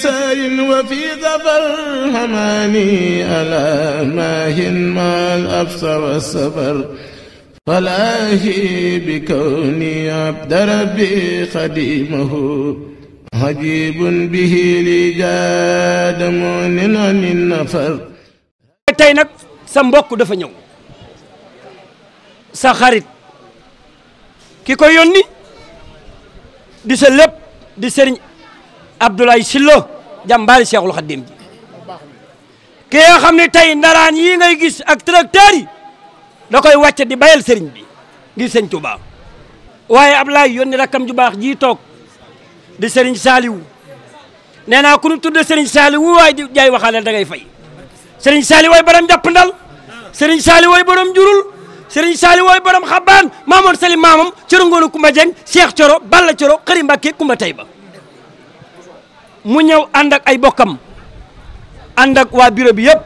سار وفي ظفر هماني ألا ماهن ما الأبصر والسفر فلاهي بكوني عبد ربي خديمه عجيب به لي جاد مؤمن عن النفر tey nag sa mbokk dafa ñëw sa xarit ki ko yónni di sa lépp di sëriñ Abdoulaye Sylla jàmbaari Seexul Xaddim ji ki nga xam ne tey ndaraan yi ngay gis ak tracteur yi da koy wàcce di bayal sëriñ bi ngir sëñ Tuubaa waaye Ablaye yónni rakkam ju baax ji toog di sëriñ Saaliwu nee naa ku ñu tudde sëriñ Saaliwu waaye di jaay waxaaleel da ngay fay sëriñ sali waay borom jàpp ndal sëriñ Saaliwu waay borom jurul sëriñ Saaliwu waay borom xabaan maamoon Salim maamam coro ngoonu Kumba Jeng Seex coro Balla coro ba Mbàkke Kumba Tayba mu ñëw ànd ak ay bokkam ànd ak waa bureau bi yëpp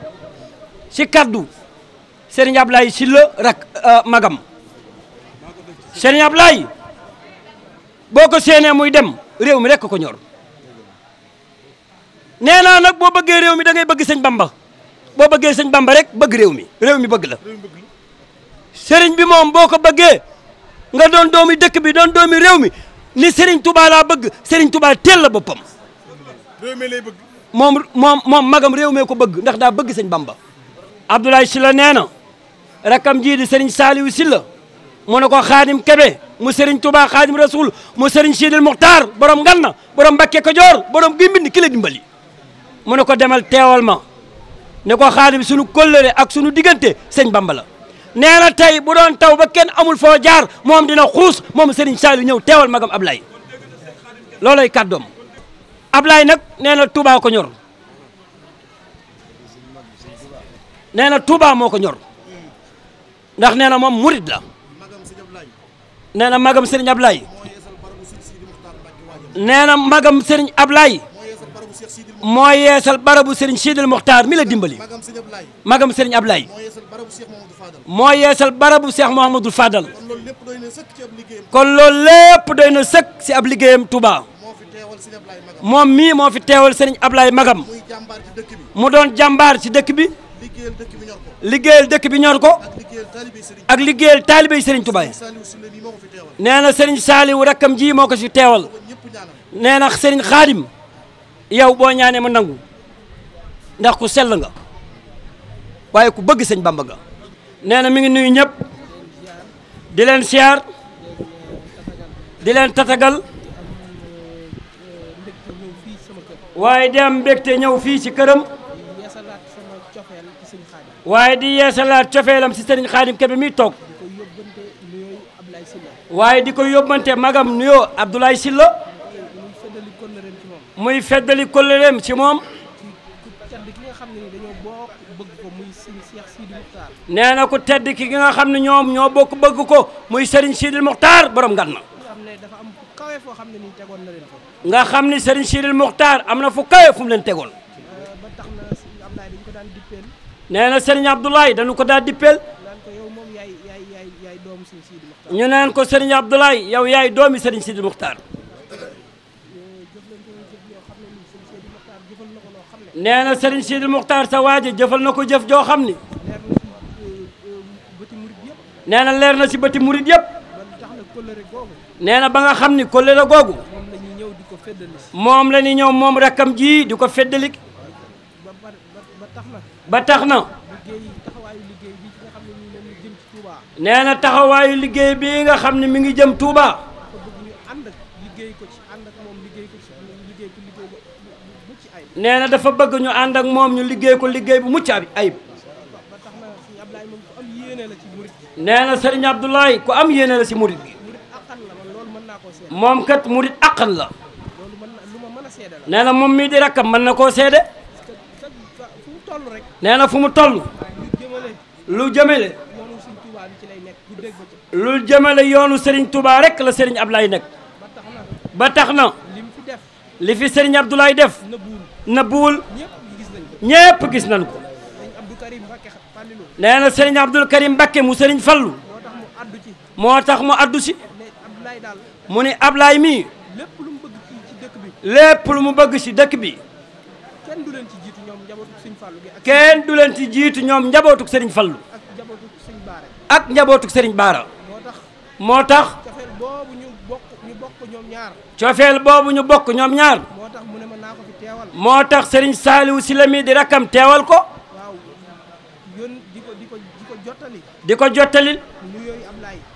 si kaddu Serigne Ablaye Sylla rak euh, magam Serigne Ablaye boo ko séenee muy dem réew mi rek ko ñor nee naa nag boo bëggee réew mi da ngay bëgg sëñ Bamba boo bëggee sëñ Bamba rek bëgg réew mi bëgg la sëriñ bi moom boo ko bëggee nga doon doomi dëkk bi doon doomi réew mi ni sëriñ Touba bëgg sëriñ Touba teel la boppam réew mi moom moom magam réew mee ko bëgg ndax daa bëgg sëñ Bamba. Abdoulaye Sylla nee na rakam jii di Serigne Saliou Sylla ne ko Xaadim Kebe mu Serigne Touba Xaadim Rasoul mu Serigne Sidil Muxtaar borom Nganna borom Mbakke Kajoor borom gi mbind ki la dimbali. mu ne ko demal teewal ma ne ko Xaadim sunu kóllëre ak sunu diggante sëñ Bamba la. nee na tey bu doon taw ba kenn amul foo jaar moom dina xuus moom Serigne Saliou ñëw teewal magam Ablaye loolay kàddoom. Ablaye nag nee na Touba ko ñor nee na Touba moo ko ñor ndax nee na moom murid la nee na magam Serigne Ablaye nee na magam Serigne Ablaye moo yeesal barabu Serigne Sidil Mokhtar mi la dimbali magam Serigne Ablaye moo yeesal barabu Cheikh Mouhamadou Fadal kon loolu lépp doy na sëkk ci ab liggéeyam Touba. moom mii moo fi teewal sëriñ Ablaye Magam mu doon jàmbaar ci dëkk bi liggéeyal dëkk bi ñor ko ak liggéeyal taalibey sëriñ Tuubaa nee na sëriñ Saaliwu am ji moo ko si teewal nee na sëriñ Xaadim yow boo ñaanee ma nangu ndax ku sell nga waaye ku bëgg sëñ bamba nga nee na mi ngi nuyu ñëpp di leen siyaar di leen tatagal waaye di am mbégte ñëw fii ci këram. waaye di yeesalaat cofeelam ci sëriñ Xaadim Kebe mi toog. waaye di ko yóbbante magam nuyoo Abdoulaye Sylla muy feddali kóllëreem ci moom. nee na ko tedd ki nga xam ne ñoom ñoo bokk bëgg ko muy sëriñ Sidil Muxtaar borom gan na ne dafa am foo xam ne nii tegoon na leen fa. nga xam ni Serigne Chiril Muxtaar am na fu kawe fu mu leen tegoon. Euh, ba tax na Serigne Abdoulaye dañu ko daan dippeel. nee na Serigne ko daan dippeel. yow yaay ñu naan ko Serigne Abdoulaye yow yaay doomi Serigne Chiril Muxtaar. Euh, nee na Serigne Chiril Muxtaar sa waaj jëfal na ko jëf joo xam ni. Euh, nee na leer na si bëti murit yëpp. nee na ba nga xam ni kóllëre googu moom la ñuy ñëw moom rakkam jii di ko feddali ba tax na nee na taxawaayu liggéey bi nga xam ne mi ngi jëm Touba nee na dafa bëgg ñu ànd ak moom ñu liggéey ko liggéey bu mucc ayib nee na Serigne Abdoulaye ku am yéene la si murit bi moom kat murit àqan la nee na moom mii di rakkam mën na koo seede nee na fu mu toll lu jëmale lu jëmale yoonu Serigne Touba rek la Serigne Ablaye nekk ba tax na li fi Serigne Abdoulaye def nëbbuwul ñépp gis nañ ko nee na Serigne Abdoul Karim Mbakke mu Serigne Fallu moo tax mu addu si mu ni Ablaay mii lépp lu mu bëgg ci dëkk bi lépp lu mu bëgg ci dëkk bi kenn du leen ci jiitu ñoom njabootuk sëriñ Fallu gi kenn du leen ci jiitu ñoom njabootuk sëriñ Fallu ak njabootuk sëriñ Baara ak njabootuk sëriñ Baara moo tax cofeel boobu ñu bokk ñu bokk ñoom ñaar cofeel boobu bokk ñoom ñaar moo tax mu ne ma naa ko fi moo tax sëriñ Saaliwu si la mii di rakkam teewal ko ko di ko jottali di ko jottali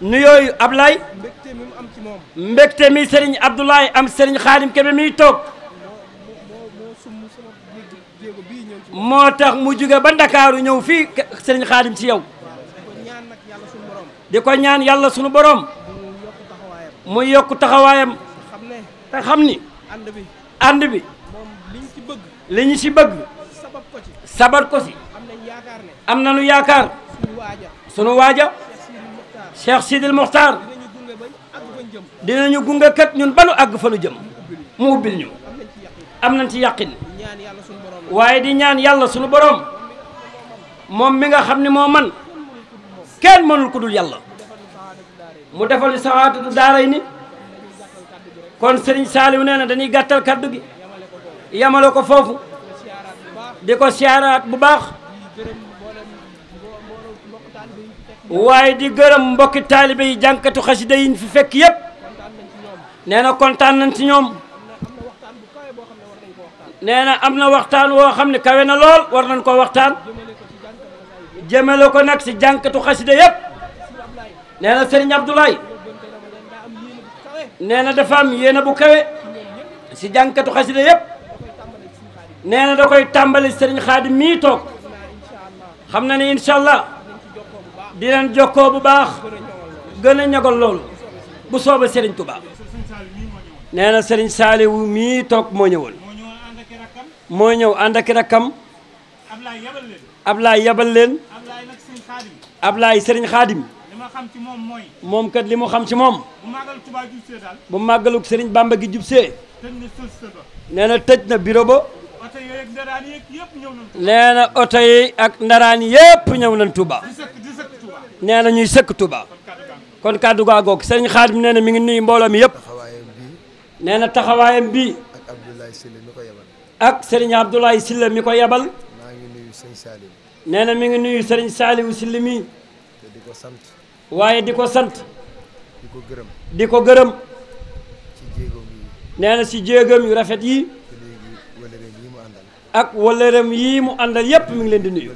nuyooyu Ablaye ab mi am ci moom mbégte mi Serigne Abdoulaye am Serigne Khadim Kébé miy toog moo tax mu jóge ba Ndakaaru ñëw fii Serigne Khadim ci yow di ko ñaan yàlla sunu borom mu yokk taxawaayam te xam ni ànd bi li ñu si bëgg sabat ko si am nañu yaakaar sunu waaja sunu waaja Cheikh Sidil Mokhtar dinañu gunge kat ñun ba nu àgg fa nu jëm mu ubbil ñu am nañ ci yàqin waaye di ñaan yàlla suñu borom moom mi nga xam ne moo man kenn mënul ku dul yàlla mu defal saxaatatu daaray ni kon Serigne Saliou nee na dañuy gàttal kaddu gi yamale ko foofu di ko siyaaraat bu baax waaye di gërëm mbokki taalibe yi jànkatu xasida yi fi fekk yépp nee na kontaan nañ ci ñoom nee na am na waxtaan woo xam ne kawe na lool war nañ koo waxtaan jëmale ko nag si jànkatu xasida yépp nee na Serigne Abdoulaye nee na dafa am yéene bu kawe si jànkatu xasida yépp nee na da koy tàmbali Serigne Xaadim mii toog xam na ne incha allah di leen jokkoo bu baax gën a ñagal loolu bu sooba Serigne Touba nee na Serigne Saliou mii toog moo ñëwoon moo ñëw ànd ak i rakkam Ablaay yabal leen Ablaay Serigne Khadim moom kat li mu xam ci moom bu màggaluk Serigne Bamba gi jubsee nee na tëj na bureau ba nee na oto yi ak ndaraan yépp ñëw nañ Touba. nee na ñuy sëkk Touba kon kàddu gaa goog sëñ Xaadim nee na mi ngi nuyu mbooloom mi yëpp nee na taxawaayam bi ak sëriñ Abdoulaye Sylla mi ko yebal nee na mi ngi nuyu sëriñ Saaliwu Sylla mi di ko sant waaye di ko sant di ko gërëm di ko gërëm nee si jéegam yu rafet yi ak wëllëram yii mu àndal yëpp mi ngi leen di nuyu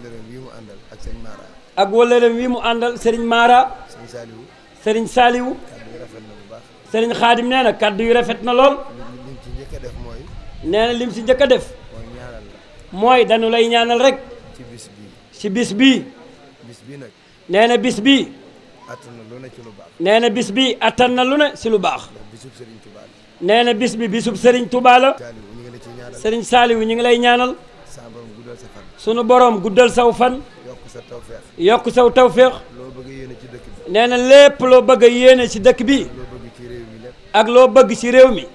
ak wëllëreem wi mu àndal Serigne Mara. Serigne Saliou. sëriñ Saliou. rafet na bu baax. Serigne Khadim nee na kaddu yu rafet na lool. lim ci def mooy. nee na lim ci njëkk a def. mooy ñaanal dañu lay ñaanal rek. ci bis bii. ci bis bis bii nag. nee na bis bi attan na lu ne ci lu baax. nee na bis bii attan na lu ne ci lu baax. bisub Serigne Touba la. nee na bis bi bisub Serigne Touba la. Serigne Saliou ñu ngi lay ñaanal. sunu borom guddal saw fan. sa tawféex. yokk saw tawféex. loo bëgg yéene ci dëkk nee na lépp loo bëgg a yéene ci dëkk bi. ak loo bëgg ci réew mi.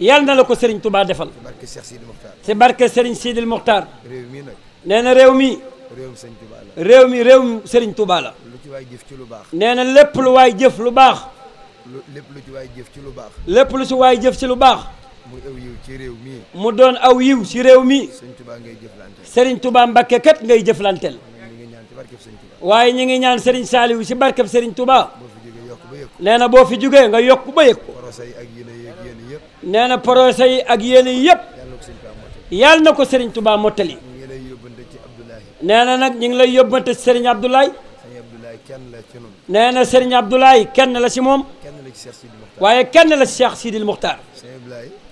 yàlla na la ko Serigne Touba defal. ci barke Cheikh Sidil Mokhtar. ci barke Serigne Sidil Mokhtar. réew mi nag. nee na réew mi. réewum Serigne Touba la. réew mi réewum Serigne Touba la. lu ci waay jëf ci lu baax. nee na lépp lu waay jëf lu baax. lépp lu ci waay jëf ci lu baax. lépp lu ci waay jëf ci lu baax. mu aw yiw ci réew mi. mu doon aw yiw ci réew mi. Serigne Touba ngay jëflanteel. Serigne Touba Mbakke kat ngay jëflanteel. waaye ñu ngi ñaan Serigne Saliou si barkeb Serigne Touba. nee na boo fi jógee nga yokk ba yëg ko. nee na projet yi ak yéen yi yëpp. yàlla na ko Serigne Touba mottali. nee na nag ñu ngi lay yóbbante ci Serigne Abdoulaye. nee na Serigne Abdoulaye kenn la si moom. waaye kenn la si Cheikh Sidil Mokhtar.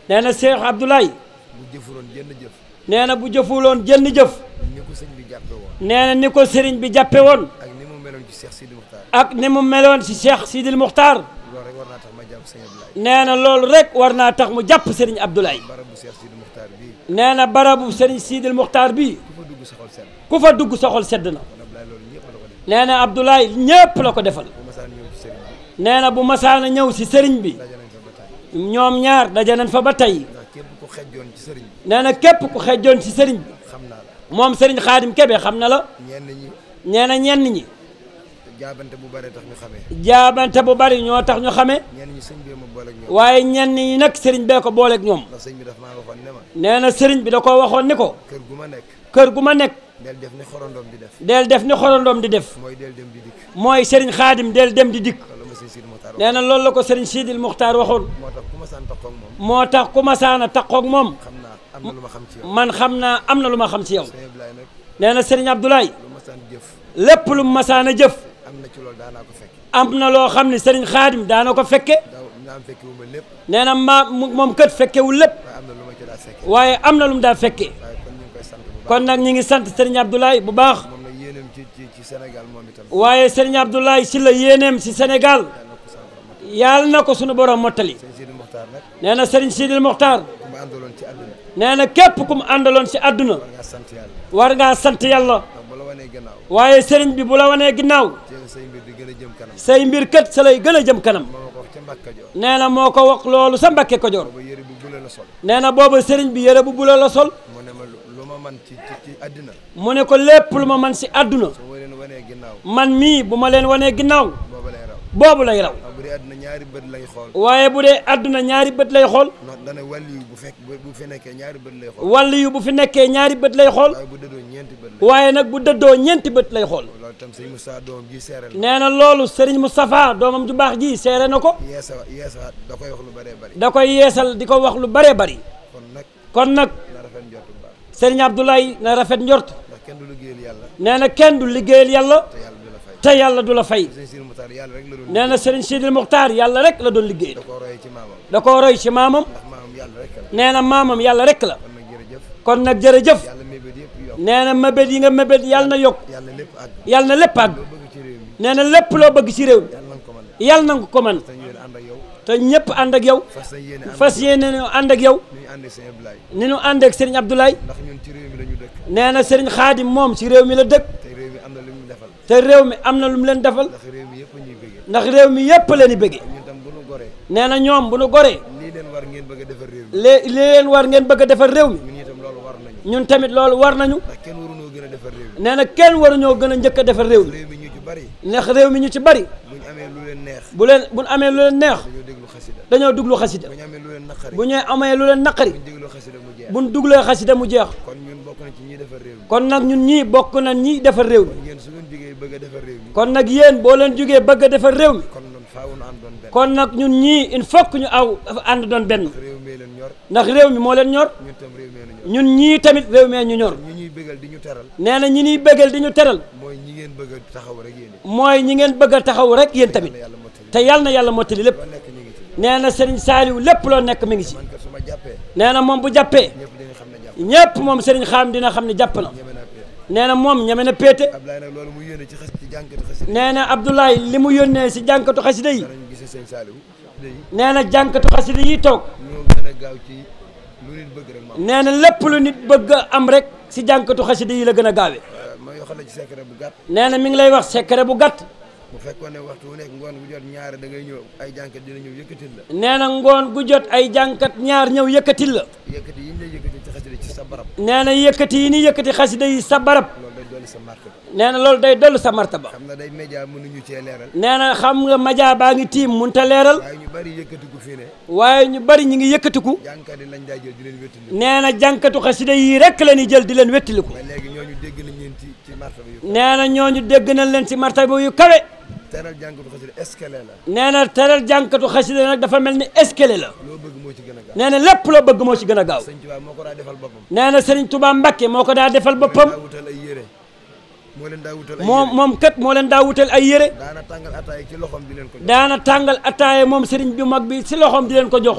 nee na Cheikh Abdoulaye. bu jëfuloon jenn jëf. nee na bu jëfuloon jënn jëf. ni ko sëriñ bi jàppe woon. nee na ni ko sëriñ bi jàppe woon. ak ni mu meloon ci Cheikh Sidil Muxtaar. ak ni mu meloon ci Cheikh Sidil Muxtaar. nee na loolu rek war naa tax mu jàpp sëriñ Abdoulaye. nee na barabu sëriñ Sidil Muxtaar bi ku fa dugg soxol sedd na. nee na Abdoulaye ñépp la ko defal. nee na bu masaana ñëw si sëriñ bi. ñoom ñaar daje nañ fa ba tey. xejjoon ci sëriñ bi. nee na képp ku xejjoon ci sëriñ bi. xam naa moom sëriñ Xaadim Kebe xam na la. ñenn ñi. nee na ñenn ñi. jaabante bu bari tax ñu xamee. jaabante bu bari ñoo tax ñu xamee. ñenn ñi sëriñ bee ma booleeg ñoom. waaye ñenn ñi nag sëriñ bee ko booleeg ñoom. ndax sëriñ bi daf ne ma. nee na sëriñ bi da koo waxoon ni ko. kër gu ma nekk. kër gu ma nekk. del def ni xorondoom di def. del def ni di def. mooy del dem di dikk. mooy sëriñ Xaadim del dem di dikk. nee na loolu la ko sëriñ Sidil Muxtaar waxoon. moo tax ma saan toqoog moom. moo tax ku ma saana taqoog moom. man xam naa am na lu ma xam ci yow. nee na Serigne Abdoulaye. lépp lu mu masaana jëf. am na loo xam ne Serigne Khadim daana ko fekke. nee maam ma moom kët fekkewul lépp. waaye am na lu mu daa fekke. kon nag ñi ngi sant Serigne Abdoulaye bu baax. waaye Serigne Abdoulaye si la yéeneem si senegal yàlla na ko sunu borom mottali. Serigne Sidil Mokhtar nag. nee na Serigne Sidil Mokhtar. ku ci àdduna. nee na képp ku mu àndaloon si àdduna. war ngaa sant yàlla. war ngaa sant yàlla. waaye Serigne bi bu la wanee ginnaaw. say mbir di gën a jëm kanam. say mbir kat sa lay gën a jëm kanam. nee na moo ko wax loolu sa Mbàkke Kajoor. nee na booba Serigne bi yére bu bula la sol. mu ne ko lépp lu ma man si àdduna. man mii bu ma leen wanee ginnaaw. boobu lay raw. bu dee àdduna ñaari bët lay xool. waaye bu dee àdduna ñaari bët lay xool. ndax dana wàllu yu bu fekk bu fi nekkee ñaari bët lay xool. wàllu yu bu fi nekkee ñaari bët lay xool. waaye bu dëddoo ñeenti bët lay waaye nag bu dëddoo ñeenti bët lay xool. loolu tam Serigne Moustapha doomam ji seere na. nee na loolu Serigne Moustapha doomam ju baax ji seere na ko. yeesa yeesa da koy wax lu bëree bëri. da koy yeesal di ko wax lu bëree bëri. kon nag kon nag. na rafet njort bu baax. Serigne Abdoulaye na rafet njort. ndax kenn du liggéeyal yàlla. nee na kenn du liggéeyal yàlla te yàlla du la fay nee na Serigne Sidil Muxtaar yàlla rek la doon liggéey da koo roy ci maamam nee na maamam yàlla rek la kon nag jërëjëf nee na mébét yi nga mébét yàlla na yokk yàlla na lépp àgg nee lépp loo bëgg ci réew mi yàlla na nga ko mën te ñëpp ànd ak yow fas yéene ñu ànd ak yow ni ñu ànd ak Serigne Abdoulaye nee na Serigne Xaadim moom ci réew mi la dëkk te réew mi am na lu mu leen defal ndax réew mi yëpp ñuy bëggee ndax réew mi yëpp leen di bëggee nee na ñoom bu nu goree lii leen war ngeen bëgg a defar réew mi lii leen war ngeen bëgg a defar réew mi ñun tamit loolu war nañu nee na kenn waruñoo gën a njëkk a defar réew mi ndax réew mi ñu ci bari bu leen bu ñu amee lu leen neex dañoo duglu xasida bu ñu amee lu leen naqari bu ñu duglee xasida mu jeex kon nag ñun ñi bokk na ñi defal réew mi bëgg a defar réew mi. kon nag yéen boo leen jógee bëgg a defar réew mi. kon nag ñun ñii il faut que ñu aw ànd doon benn. réew mi leen ndax réew mi moo leen ñor. ñun tam réew mi leen ñii tamit réew mi ñu ñor. ñi ñu teral. nee na ñi ñuy bëggal di ñu teral. mooy ñi ngeen bëgg taxaw rek yéen. ñi ngeen bëgg a taxaw rek yéen tamit. te yàlla na yàlla mottali lépp. nee na Serigne Saliou lépp loo nekk mi ngi ci. nee na moom bu jàppee. ñëpp moom Serigne Xam dina xam ne jàpp na nee na moom ñeme na péete. Abdoulaye nag loolu mu yónnee ci xas ci jànkatu xasida. nee na Abdoulaye li mu yónnee si jànkatu xasida yi. danañ gisee sëñ Saliou. nee na jànkatu xasida yi toog. ñoo gën a gaaw ci lu nit bëgg rek. nee na lépp lu nit bëgg am rek si jànkatu xasida yi la gën a gaawee. ma yoo xam ne ci secret bu gàtt. nee na mi ngi lay wax secret bu gàtt. bu fekkoon ne waxtu wu nekk ngoon gu jot ñaar da ngay ñëw ay jànkat dina ñëw yëkkatil la nee jot ay jànkat ñaar ñëw yëkkatil la yëkkati yi ñu lay yëkkati ci xasida ci sa barab nee na yëkkati yi ni yëkkati sa barab loolu day dolli sa martaba nee na loolu day dolli sa martaba xam na day média mënuñu cee leeral nee na xam nga média baa ngi tiim mun ta leeral waaye ñu bari yëkkatiku fii ne waaye ñu bari ñu ngi yëkkatiku jànkat yi lañ daa jël di leen wéttiliku nee na jànkatu xasida yi rek la ñuy jël di leen wéttiliku ba léegi ñu dégg nañ leen ci ci martaba yu nañ leen ci martaba yu kawe teral jànkatu xasida eskale la. nee na teral jànkatu xasida nag dafa mel ni eskale la. loo bëgg moo ci gën a gaaw nee na lépp loo bëgg moo ci gën a gaaw. Sëriñ Tuubaa moo ko daa defal boppam. nee na Sëriñ Tuubaa Mbàkke moo ko daa defal boppam. moom moom kat moo leen daa wutal ay yére. daana tàngal ataaya ci loxoom di leen ko jox. daana tàngal moom sëriñ bi mag bi si loxoom di leen ko jox.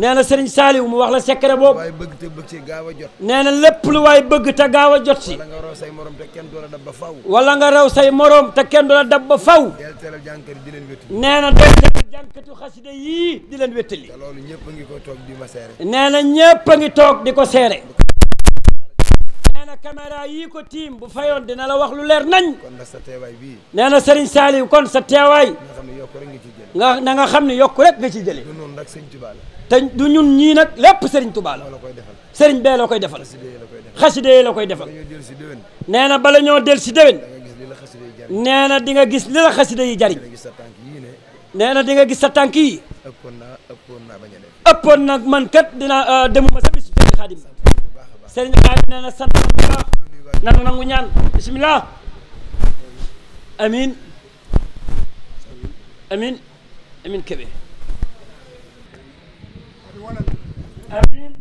nee na sëriñ Saliou mu wax la secret boobu. waaye bëgg te bëgg ci gaaw a jot. nee lépp lu waaye bëgg te gaaw a jot si. wala nga raw say moroom te kenn doo la dab ba faw. wala nga raw say morom te kenn du la dab faw. del teral di leen wéttali. nee na del teral jànkatu yii di leen wéttali. te loolu ñëpp a ngi ko toog di ma seere. nee na a ngi toog di ko seere. nee na caméra yii ko tiim bu fayoon dina la wax lu leer nañ. kon nag sa teewaay bii. nee na Serigne Saliou kon sa teewaay. nga xam ne yokk rek nga ciy jëlee. nga na nga xam ne yokk rek nga ci jëlee. du ñun nag Serigne Touba la. te du ñun ñii nag lépp Serigne Touba la. bee la koy defal. xaside yi la koy defal. nee na bala ñoo del si déwén. nee na di nga gis li la xaside yi jariñ. nee na di nga gis sa tànk yi. ëppoon na ëppoon na bañ a def. ëppoon nag man kat dinaa ah, demuma sa bisu Serigne Khadim sëriñ Aliou nee na sant nañ ko nanu nangu ñaan bisimilah amin amin amin kebe amin